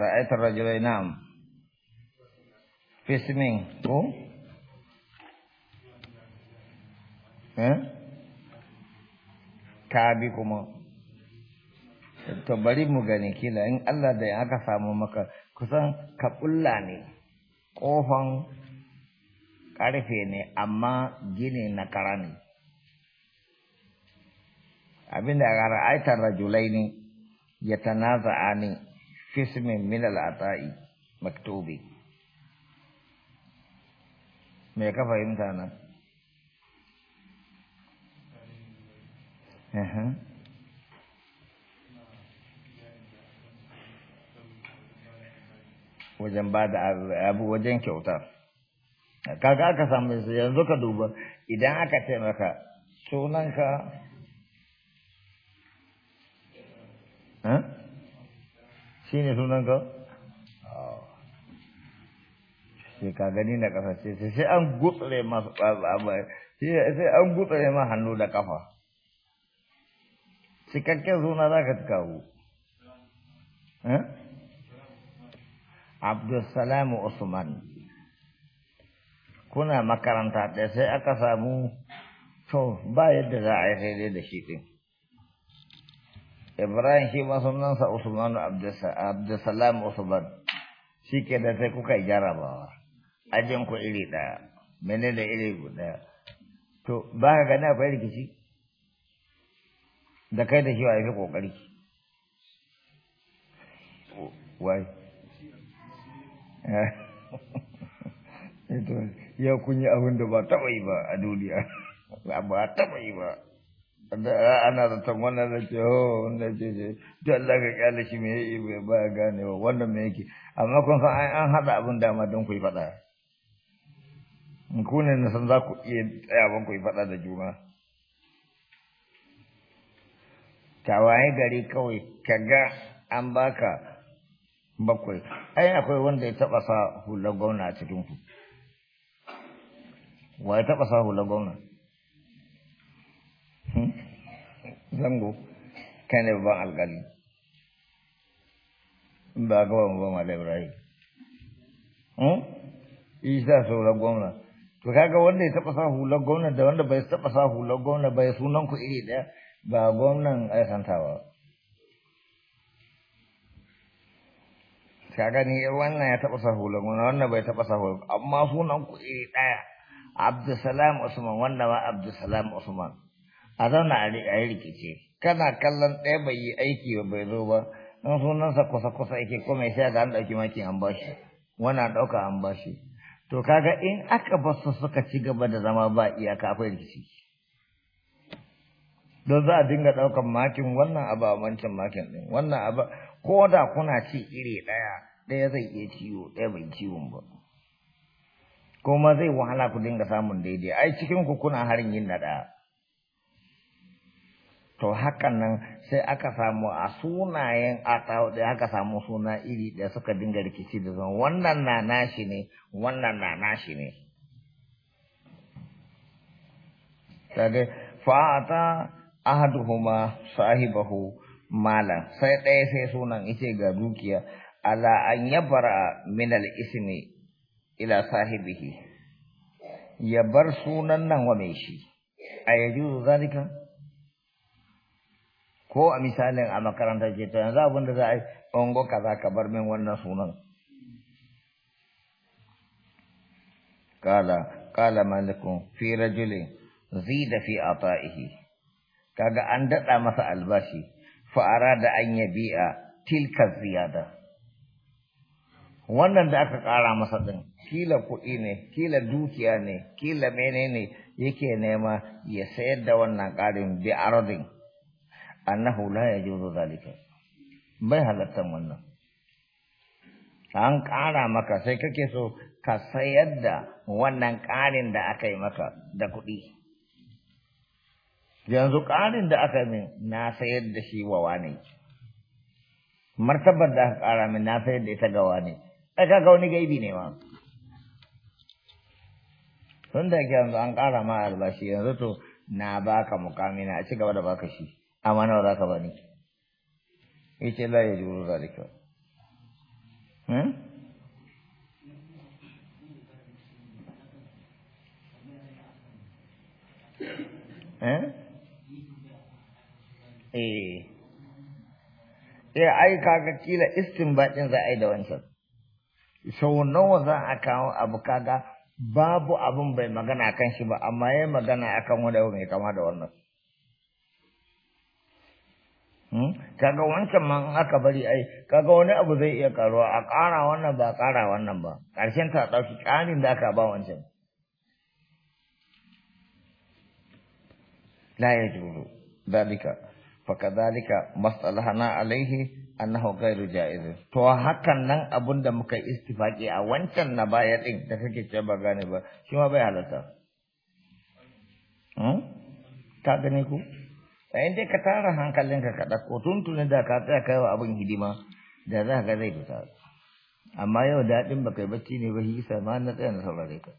رأيت الرجل ينام في tu قوم kabi kuma to bari mu gani kila in Allah da aka samu maka kusan ka ƙulla ne kofan ƙarfe ne amma gini na kara ne abinda ra'aitar rajulai ne ya tanaza'a ne قسم من العطاء مكتوب me ka fahimta nan wajen ba da abu wajen kyauta kaga aka samu su yanzu ka duba idan aka taimaka sunanka shi ne ka sai ka gani na ƙasa ce sai an gutsure ma sai an gutsure ma hannu da ƙafa cikakken suna za ka kawo eh? Abdulsalamu Usman kuna makaranta ɗaya sai aka samu to ba yadda za a yi da shi ɗin Ibrahim shi ma sunansa Usman Abdulsalam Usman shi ke da sai kuka jarabawa ajin ku iri ɗaya mene da iri guda to ba ka gani akwai rikici da kai da shi wa yafi kokari wai yau ya kunyi abin da ba taɓa yi ba a duniya ba taɓa yi ba ana zaton wannan da ce ho oh, wanda ce ce duk Allah ka kyale shi me yi bai ba gane wa wannan me yake amma kun san an hada abin dama don ku yi faɗa. in ku ne na san za ku iya ban ku yi faɗa da juna tawaye gari kawai ka ga an baka bakwai ai akwai wanda ya taba sa hular gwamna a cikin ku wa ya taba sa hular gwamna hmm? zango kai ne babban alkali in ba gaba mu ba mala ibrahim hmm? isa sauran gomna to kaga wanda ya taba sa hular gomna da wanda bai taba sa hular gomna bai sunan ku iri daya ba gwamnan aikantawa kaga ni wannan ya taba sa hular gomna wannan bai taba sa hular amma sunan ku iri daya abdulsalam usman wannan ma abdulsalam usman a zauna a yi rikici kana kallon ɗaya bai yi aiki ba bai zo ba don sunansa kusa-kusa yake ko mai sai ga an ɗauki maki an bashi an ɗauka an bashi to kaga in aka su suka ci gaba da zama ba iyaka akwai rikici don za a dinga ɗaukan makin wannan abu a wancan makin ɗin wannan abu ko da kuna ci iri ɗaya ɗaya zai iya ciwo ɗaya bai ciwon ba kuma zai wahala ku dinga samun daidai ai cikin ku kuna harin yin na ɗaya to hakan nan sai aka samu a sunayen atau da aka samu suna iri da suka dinga rikici da zan wannan na nashi ne wannan na nashi ne sai fa'ata ahaduhuma sahibahu malan sai ɗaya sai sunan ice ga dukiya ala an yabara min al-ismi ila sahibihi ya bar sunan nan wa mai shi a yajuzu zalika ko a misalin a makarantar ce to yanzu abin da za a yi ka kaza ka bar min wannan sunan kala kala malikun fi rajulin da fi a ta'ihi, kaga an daɗa masa albashi fa'ara da an bia tilka ziyada wannan da aka ƙara masa ɗin, kila kuɗi ne kila dukiya ne kila menene yake nema ya sayar da wannan ƙarin bi annahu la yajuzu zalika bai halattan wannan an ƙara maka sai kake so ka sayar da wannan ƙarin da aka yi maka da kuɗi yanzu ƙarin da aka min na sayar da shi wa wane martabar da aka ƙara min na sayar da ita ga wane ai kaga wani gaibi ne ma tun da yanzu an ƙara ma albashi yanzu to na baka mukami na ci gaba da baka shi amma nawa za ka bani ce la ya juru zalika hmm Ya eh ai kaga kila istinbadin za a yi da wancan sau nawa za a kawo abu kaga babu abin bai magana kan shi ba amma ya magana akan wani abu mai kama da wannan Hmm? kaga wancan man aka bari ai kaga wani abu zai iya karuwa a ƙara wannan ba ƙara wannan ba Karshen ta ɗauki kanin da aka ba wancan la ya juru dalika kadalika masalahana alaihi annahu ghairu jaiz to hakan nan abun da muka istifaki a wancan na baya din da kake ce ba gane ba shi ma bai halatta hmm? ka gane ku sai dai ka tara hankalinka ka ɗauko tuntunin da ka tsaya kai wa abin hidima da za ka zai fita amma yau daɗin ba kai bacci ne ba hisa ma na tsaya na saurare ka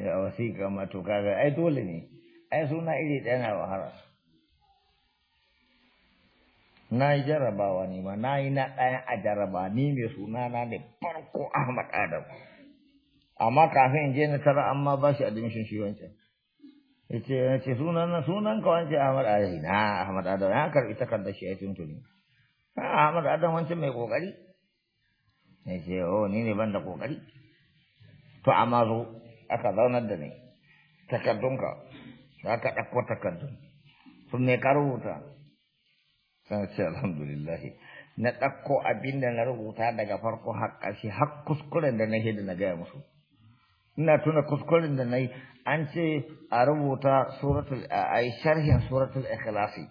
a wasiƙa ma to kaga ai dole ne ai suna iri ɗaya na wahala na yi jarabawa ne ma na yi na ɗaya a jaraba ni mai suna na ne farko ahmad adam amma kafin je na tara amma ba shi admission shi wancan yace yace sunan na sunan ka wancan Ahmad Adam na Ahmad Adam ya karbi takardar shi ya tuntuni ah Ahmad Adam wancan mai kokari yace oh ni ne ban da kokari to amma zo aka zaunar da ni takardunka za ka ɗauko takardun sun ne ka rubuta ce alhamdulillahi na ɗakko abin da na rubuta daga farko har ƙarshe har kuskuren da na da na gaya musu ina tuna kuskuren da na yi an ce a rubuta suratul a sharhin suratul ikhlasi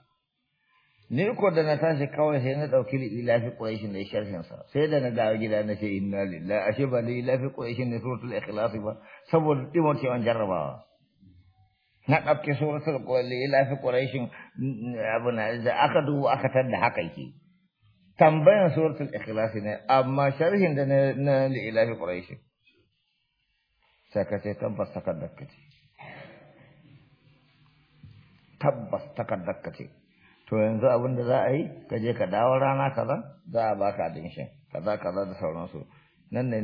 ni riko da na tashi kawai sai na ɗauki lilafi ƙurashin da ya sharhinsa sai da na dawo gida na ce inna lillahi ashe ba lilafi ƙurashin ne suratul ikhlasi ba saboda ɗimar cewan jarrabawa na ɗauki suratul lilafi ƙurashin abu na da aka dubu aka tadda haka yake tambayan suratul ikhlasi ne amma sharhin da na lilafi ƙurashin sai ka ce tabbas takardar ka ce tabbas takardar ka ce to yanzu abin da za a yi ka je ka dawo rana kaza za a baka din shi kaza kaza da sauransu nan ne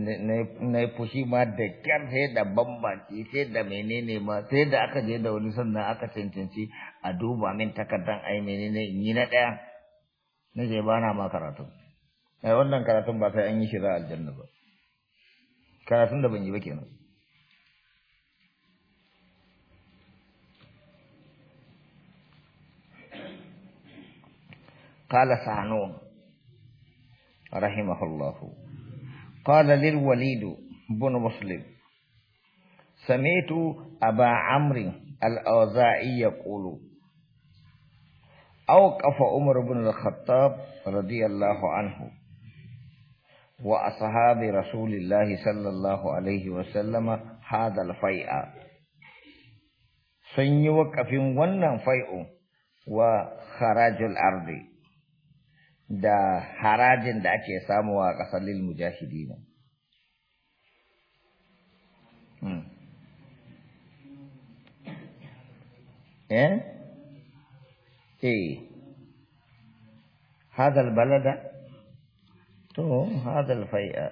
na yi fushi ma da kyan sai da bambanci sai da menene ma sai da aka je da wani sannan aka cancanci a duba min takardan ai menene in yi na ɗaya na je ba na ma karatu wannan karatun ba sai an yi shi za aljanna ba karatun da ban yi ba kenan قال سعنون رحمه الله قال للوليد بن مسلم سمعت أبا عمرو الأوزاعي يقول أوقف عمر بن الخطاب رضي الله عنه وأصحاب رسول الله صلى الله عليه وسلم هذا الفيء سنوك في ونن فيء وخراج الأرض da harajin da ake samuwa a ƙasar lilmu jahidi ne. Hmm. Eh? Eh. Hazal balada? To, hazal fai'a.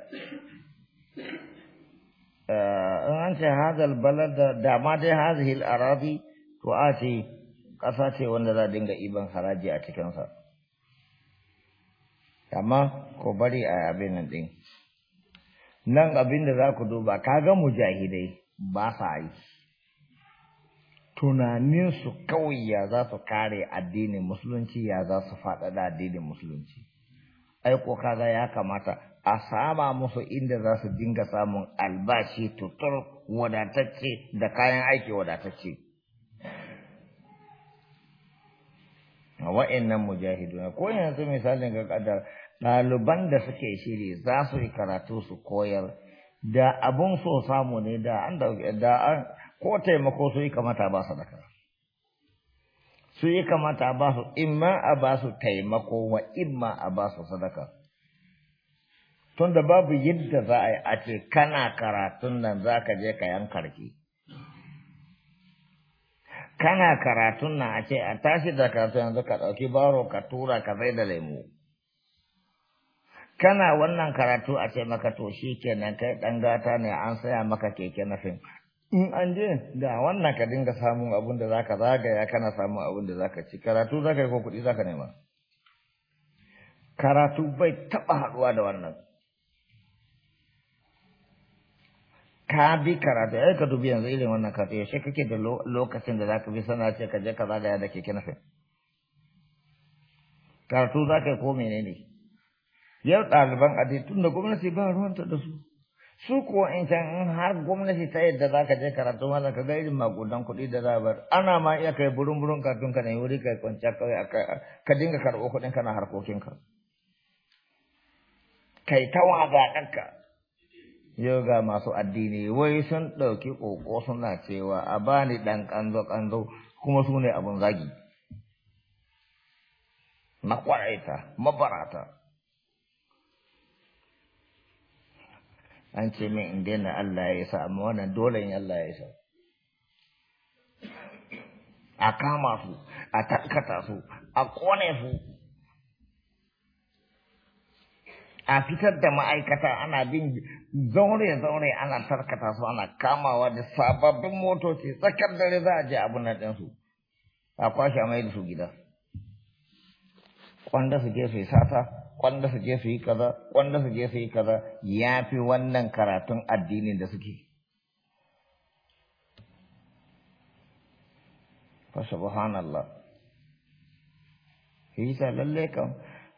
Eh, in an ce hazal balada, dama dai hazihil arabi, to a ce ƙasa ce wanda za dinga iban haraji a cikinsa. sa. amma ko bari a abin nan ɗin nan abin da za ku duba kaga mujahidai ba sa yi tunaninsu kawai ya za su kare addinin musulunci ya za su faɗaɗa addinin musulunci aiko ko kaga ya kamata a sama musu inda za su dinga samun albashi tutur wadatacce da kayan aiki wadatacce wa'annan mujahiduna ko yanzu misalin ga kadar ɗaliban da suke shiri za su yi karatu su koyar da abun so samu ne da an da ko taimako su yi kamata ba sadaka su yi kamata ba su imma a ba su taimako wa imma a ba su sadaka tunda babu yadda za a yi a ce kana karatun nan za ka je ka yankarki kana karatun nan a ce a tashi da karatu yanzu ka ɗauki baro ka tura ka zai da lemu kana wannan karatu a ce maka to shi kenan kai ɗan gata ne an saya maka keke na fim. in an je da wannan ka dinga samun abun da zaka zagaya kana samun abun da zaka ci karatu zaka yi ko kuɗi zaka nema karatu bai taɓa haɗuwa da wannan ka bi karatu ai ka dubi yanzu irin wannan karatu yaushe kake da lokacin da zaka bi sana ce ka je ka zagaya da keke nafe karatu za ka yi ko menene yau ɗaliban adi tun da gwamnati ba ruwanta da su su kuwa in can in har gwamnati ta yadda za ka je karatu ma ka ga irin makudan kuɗi da zabar ana ma iya kai burin burin karatun ka ne wuri kai kwanciya kawai ka dinga karɓo kuɗin kana harkokinka kai ta wazaɗanka yau ga masu addini wai sun ɗauki ƙoƙo suna cewa a bani ɗan ƙanzo-ƙanzo kuma su ne abin zagi na ƙwaraita mabarata an ce min in na Allah ya sa amma wannan dole in Allah ya sa a kama su a takkata su a ƙone su a fitar da ma'aikata ana bin zaure-zaure ana tarkata su ana kamawa da sababbin motoci tsakar dare za a je abin nan su, a kwashe mai da su gida kwanda su je su yi sata kwanda su je su yi kaza kwanda su je su yi kaza ya fi wannan karatun addini da suke fa subhanallah shi lalle kam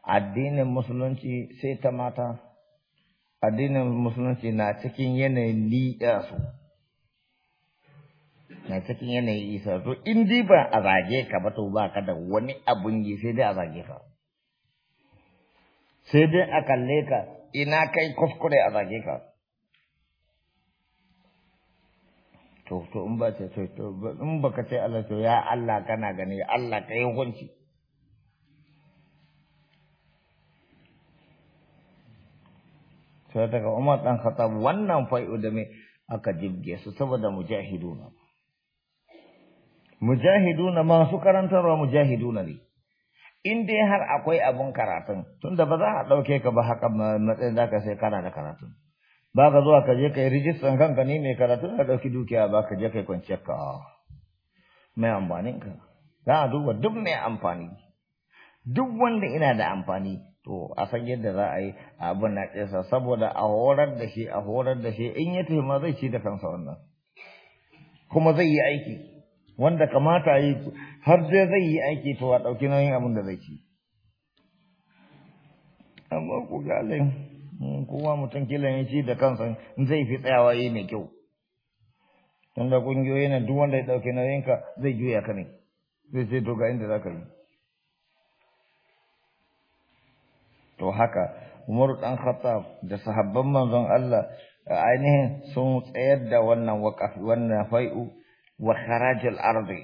addinin musulunci sai ta mata addinin musulunci na cikin yanayin liya su na cikin yanayin isa to in dai ba a zage ka ba to ba ka da wani abun yi sai dai a zage ka sai dai a kalle ka ina kai kuskure a zage ka to to in ba ce to in baka ce Allah to ya Allah kana gani Allah kai hukunci sai daga Umar dan Khattab wannan fai'u da me aka jibge su saboda mujahiduna mujahiduna masu karantarwa mujahiduna ne in dai har akwai abun karatun tunda ba za a ɗauke ka ba haka matsayin da ka sai kana da karatun ba ka zuwa ka je kai yi rijistan kanka ne mai karatu ka ɗauki dukiya ba ka je kai kwance ka mai amfanin ka za a duba duk mai amfani duk wanda ina da amfani to a san yadda za a yi abin na ƙesa saboda a horar da shi a horar da shi in ya tafi ma zai ci da kansa wannan kuma zai yi aiki wanda kamata yi har dai zai yi aiki to a ɗauki nauyin abin da zai ci amma ku galin kuma mutum kilan ya ci da kansa zai fi tsayawa yi mai kyau tunda ƙungiyoyi na duk wanda ya ɗauki nauyinka zai juya ka ne zai ce to ga inda za ka yi to haka Umar dan Khattab da sahabban manzon Allah ainihin sun tsayar da wannan waqaf wannan fai'u wa kharaj al-ardi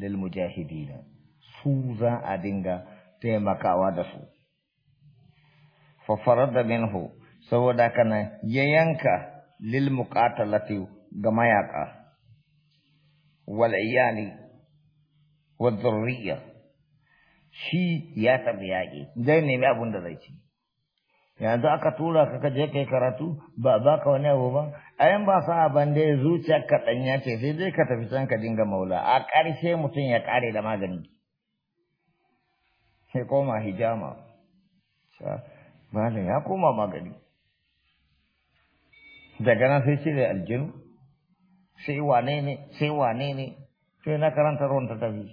lil mujahidin su za a dinga taimakawa da su fa farada minhu saboda kana yayanka lil muqatalati ga mayaka wal iyali wa dhurriyyah shi ya tafi yaƙi zai nemi abin da zai ci yanzu aka tura ka ka je kai karatu ba ba ka wani abu ba ayan ba sa ban da zuciya ka danya ce sai dai ka tafi can ka dinga maula a ƙarshe mutum ya ƙare da magani sai koma hijama malam ya koma magani daga nan sai cire aljinu sai wane ne sai wane ne sai na karanta ruwan ta tafi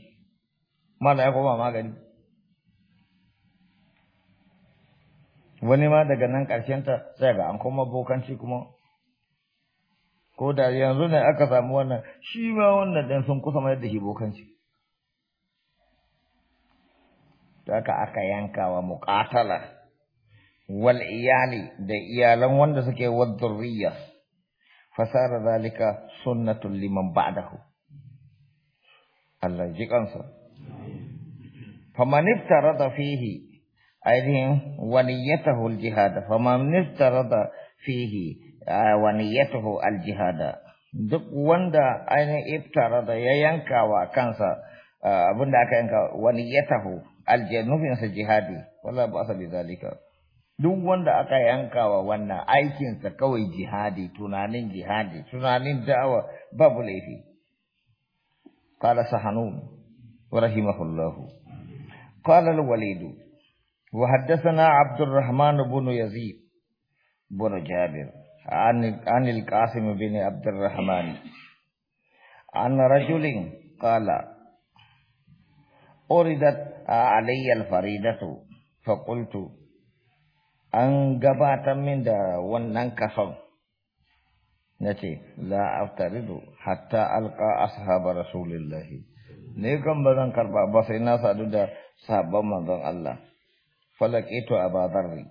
mana ya koma magani wani ma daga nan ta sai ga an koma bokanci kuma ko da yanzu ne aka samu wannan shi ma wannan ɗin sun kusa mayar da shi bokanci haka aka yanka wa muƙatala wal iyali da iyalan wanda suke wa dhurriyya fasara zalika sunnatul liman ba'dahu Allah ji kansa faman iftarada fihi ainihin waniyatahu al jihada. fa da istarada fihi waniyatahu al-jihad duk wanda ainihin da ya yanka wa kansa da aka yanka waniyatahu al-janubin sa jihadi wala ba sa bizalika duk wanda aka yanka wa wannan aikinsa kawai jihadi tunanin jihadi tunanin da'awa babu laifi qala sahanun rahimahullahu Kala al-walidu وحدثنا عبد الرحمن بن يزيد بن جابر عن عن القاسم بن عبد الرحمن عن رجل قال أردت علي الفريدة فقلت أن قبعت من دا وننكفر نتي لا أفترض حتى ألقى أصحاب رسول الله نيكم بدن كربا بس إنا سادو دا صحابة من الله falaƙeto a bazarri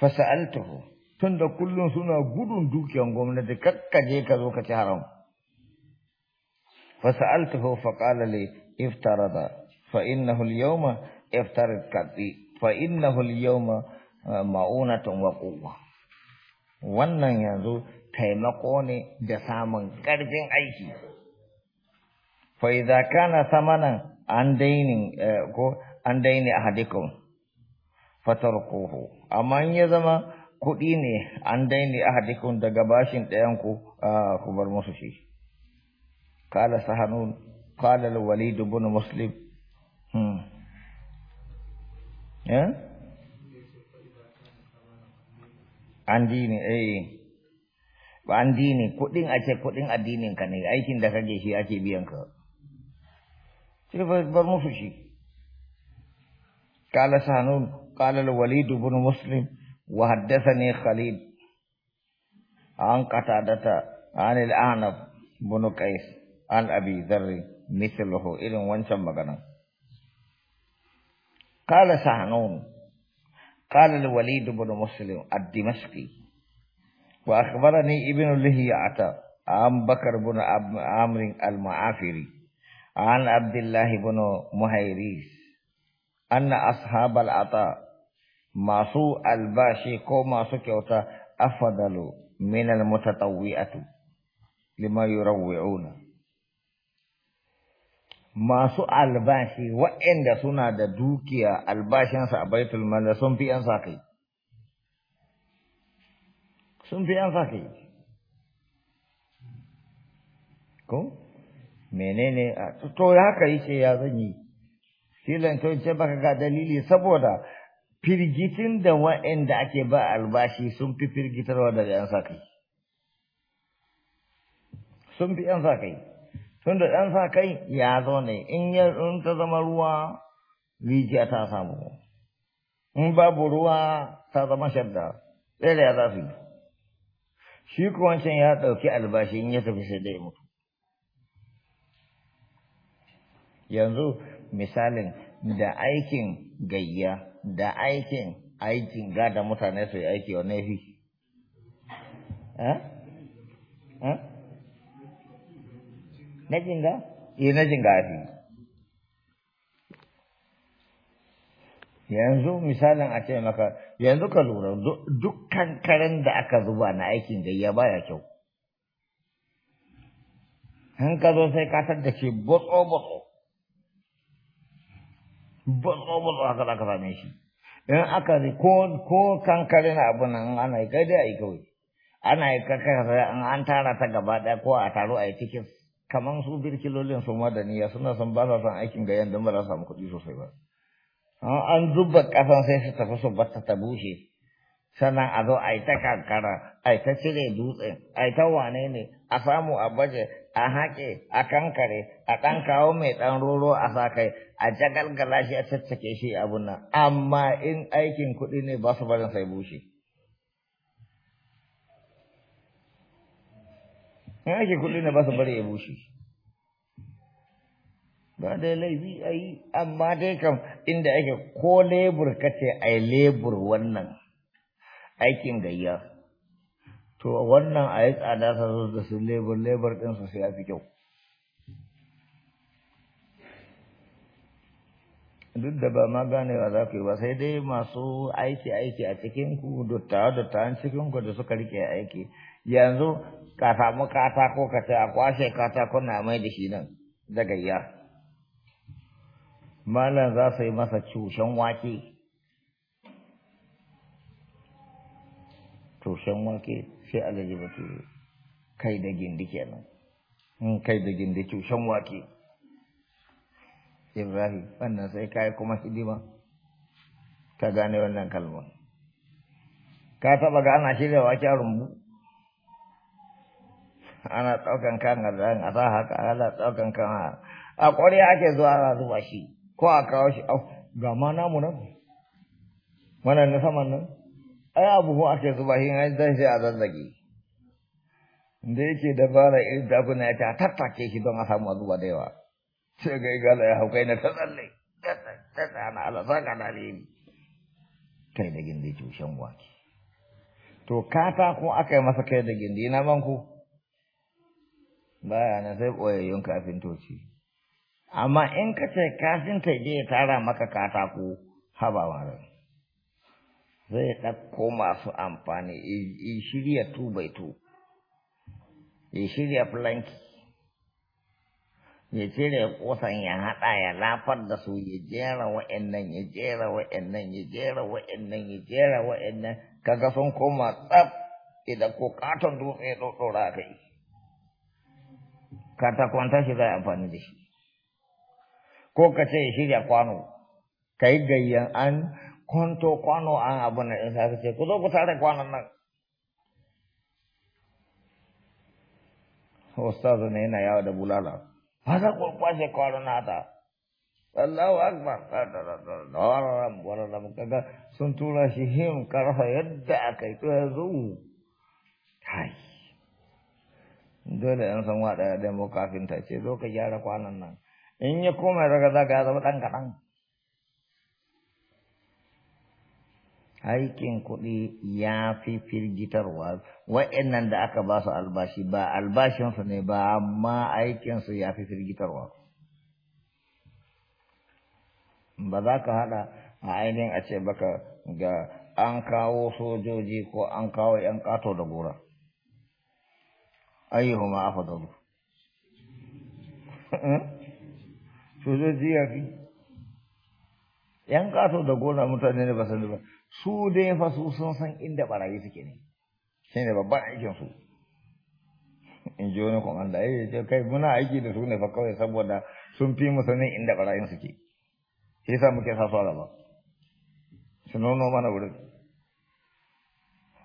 fasa'altuhu tun da kullum suna gudun dukiyan gwamnati kakkaje ka zo ka ci haram fasa'altuhu faƙala li da, fa innahu al-yawma iftarat kabi fa innahu al-yawma ah, ma'unatun wa quwwa wannan yanzu taimako ne da samun ƙarfin aiki فإذا كان ثمنا an دين a عن fatarkuhu amma in ya zama kuɗi ne an daine ahadikun daga bashin ɗayan ku ah, ku bar musu shi kala sahanun qala al-walid ibn muslim hmm. eh? an eh eh ba andini kuɗin a ce kuɗin addinin ka ne aikin da kake shi ake biyan ka sai bar musu shi qala sahanun قال الوليد بن مسلم وحدثني خليل عن قتادة عن الأعنب بن قيس عن أبي ذر مثله إلى وانشم مغنى قال سهنون قال الوليد بن مسلم الدمشقي وأخبرني ابن لهيعة عن بكر بن عمرو المعافري عن عبد الله بن مهيريس أن أصحاب العطاء masu albashi ko masu kyauta afadalu min almutatawwi'atu lima yurawwi'una masu albashi waɗanda suna da dukiya albashinsa a baitul mala sun fi yan saƙi, sun fi yan saƙi ko menene to haka yace ya zan yi filan to ce baka ga dalili saboda firgitin da wa'anda ake ba albashi sun fi firgitarwa daga yan sakai sun fi yan sakai Sun da yan sakai ya zo ne in ya ta zama ruwa rijiya ta samu in babu ruwa ta zama shadda tsere ya zafi shi kuwa ya ɗauki albashi in ya tafi sai dai mutu yanzu misalin da aikin gayya da aikin aikin ga da mutane su yi aiki wa fi eh? Eh? na jinga? eh na jinga fi yanzu misalin a ce maka yanzu ka lura dukkan karen da aka zuba na aikin gayya baya kyau in sai ka da ke botso-botso bulbul haka za same shi in aka ko ko kankare na abu nan ana yi kai dai a yi ana yi kankare in an tara ta gaba ɗaya ko a taro a yi cikin kamar su birkilolin su madaniya suna son ba sa son aikin ga yanda ba za samu kuɗi sosai ba an zuba ƙasan sai su tafi su batta ta bushe sannan a zo a yi ta kankara a yi ta cire dutse a yi ta wane ne a samu a baje a haƙe a kankare a ɗan kawo mai ɗan roro a sa kai a jagalgala shi a caccake shi abun nan amma in aikin kuɗi ne ba su barin sai bushe in aikin kuɗi ne ba su bari ya bushe ba da laifi a yi amma dai kam inda ake ko lebur kace a yi lebur wannan aikin gayya to wannan a yi tsada ta zo da su lebur lebur ɗinsu sai ya fi kyau duk da ba ma ganewa za ku yi ba sai dai masu aiki aiki a cikinku dottawa dottawan cikinku da suka rike aiki yanzu ka samu katako ka ce a kwashe katako na mai da shi nan da gayya malam za su yi masa cushen wake wake sai gaji batu kai da gindi kenan in hmm, kai da gindi cushen wake ibrahim wannan sai kai kuma hidima ka gane wannan kalmar ka taba ga ana shirya wake a rumbu ana ɗaukan kan gazarin a sa haka ana ɗaukan kan a ƙwarya ake zuwa ana zuba shi ko a kawo shi ga ma namu nan mana na saman nan ai abu ko ake zuba shi ai dan sai a zazzage da yake dabara irin dakuna ya ta tattake shi don a samu zuba da yawa sai ga igala ya haukai na ta tsalle ta tsana ala saka na rini kai da gindi tushen wake to kata ko aka yi masa kai da gindi na manku baya na sai ɓoyayyun kafin toci amma in ka ce kafin ta je ya tara maka katako haba rai zai ɗauko masu amfani ya shirya tubaitu ya shirya planki ya cire kusan ya haɗa ya lafar da su ya jera wa'annan ya jera wa'annan ya jera wa'annan ya jera wa'annan kaga sun koma tsab idan ko katon dutse ya ɗaɗɗora kai kwanta shi zai amfani da shi ko ka ce ya shirya kwano ka yi gayyan an kwanto kwano an abu na in safi ce ku zo ku tare kwanon nan ustazu ne yana yawo da bulala ba za ku kwashe kwanon nata Allahu akbar wararam wararam kaga sun tura shi him karfa yadda aka yi to yanzu kai dole an san wa da demo kafin ta ce zo ka gyara kwanon nan in ya koma daga zaka ya zama dan kaɗan aikin kuɗi ya fi firgitarwa wa'annan da aka ba su albashi ba albashinsu ne ba amma aikinsu ya fi firgitarwa ba za ka haɗa a ainihin a ce baka ga an kawo sojoji ko an kawo 'yan ƙato da gora ayyuhu ma afa da hmm? sojoji ya fi 'yan ƙato da gora mutane ne ba sani ba su dai fa su sun san inda barayi suke ne shi ne babban aikin su in ji wani kwamanda ya eh, ce kai muna aiki da su ne fa kawai saboda sun fi mu sanin inda barayin suke shi yasa muke sa su a gaba su nono mana wurin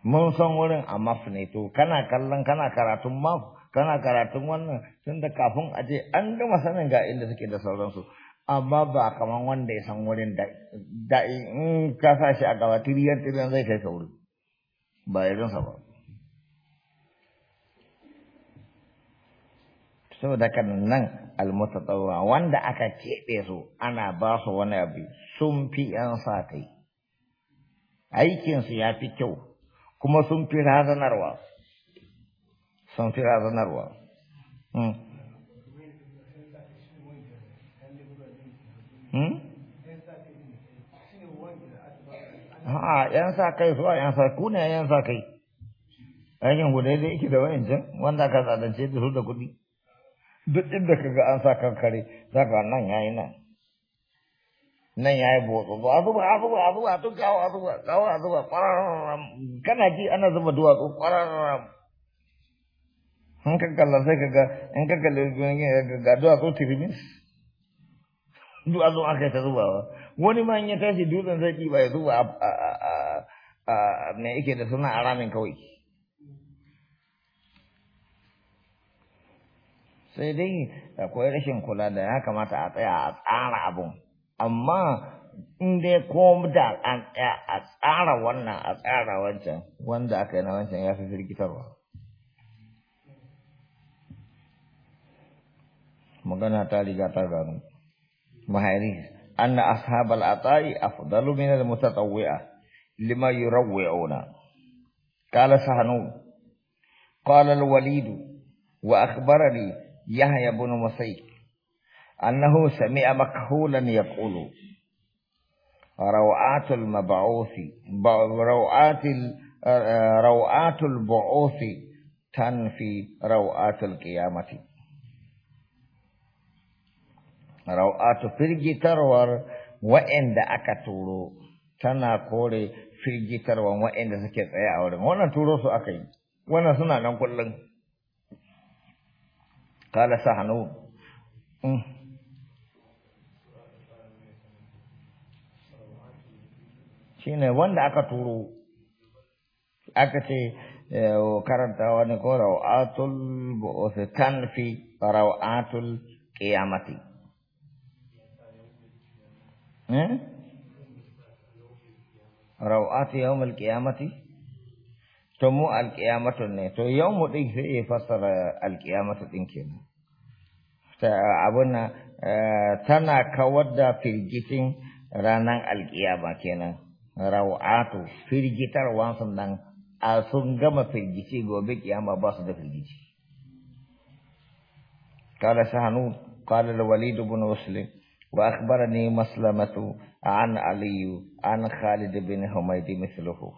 mun san wurin a maf ne to kana kallon kana karatun maf kana karatun wannan tun da kafin a ce an gama sanin ga inda suke da sauransu amma ba kamar wanda ya san wurin da in ka sa shi a gaba tiriyan tiriyan zai kai ka wuri ba irin sa ba saboda kan nan almutatawa wanda aka keɓe su ana ba su wani abu sun fi yan sa kai aikinsu ya fi kyau kuma sun fi razanarwa sun fi razanarwa hmm. A'a, hmm? ‘yan sa kai zuwa ‘yan sa ku ne ‘yan sa kai, aikin guda daidai yake da wayancan wanda ka tsadance da su da kuɗi. Duk inda ka ga an sa kankare, za ka nan ya yi nan. Nan ya yi botsu, a zuba, a zuba, a zuba, tun kawo a zuba, kawo a zuba, kwararram Kana ji ana zuba duwatsu ƙwararram. In ka kalla sai ka ga, in ka kalli ga duwatsu tirimis. duk a zo aka ta ba wani ma ya tashi dutsen zai ba ya zuba a me yake da suna a ramin kawai sai dai akwai rashin kula da ya kamata a tsaya a tsara abun amma in dai ko da an tsaya a tsara wannan a tsara wancan wanda aka yi na wancan ya fi firgitarwa magana ta riga ta gano وهذه أن أصحاب العطاء أفضل من المتطوعة لما يروعون قال سهنون قال الوليد وأخبرني يحيى بن مسيك أنه سمع مكهولا يقول روعات المبعوث روعات روعات البعوث تنفي روعات القيامة rawatu firgitarwar wa'anda aka turo tana kore firgitarwar wa'anda suke tsaye a wurin wannan turo su aka yi wannan suna nan kullum kala sa mm. Shi ne wanda aka turo aka ce eh, karanta wani ko raw'atul bu'uth tanfi raw'atul qiyamati Hmm? Rau'ati al qiyamati to mu alqiyamatu ne to yawmu din sai ya fassara alqiyamatu din kenan ta abuna eh, tana kawar da firgitin ranar alqiyama kenan rau'atu firgitarwa nan a sun gama firgici gobe kiyama ba su da firgici sahanu kala قال الوليد بن مسلم وأخبرني مسلمة عن علي عن خالد بن حميد مثله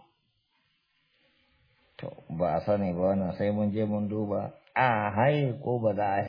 to ba a sani ba wannan sai mun je mun duba a hai ko ba za a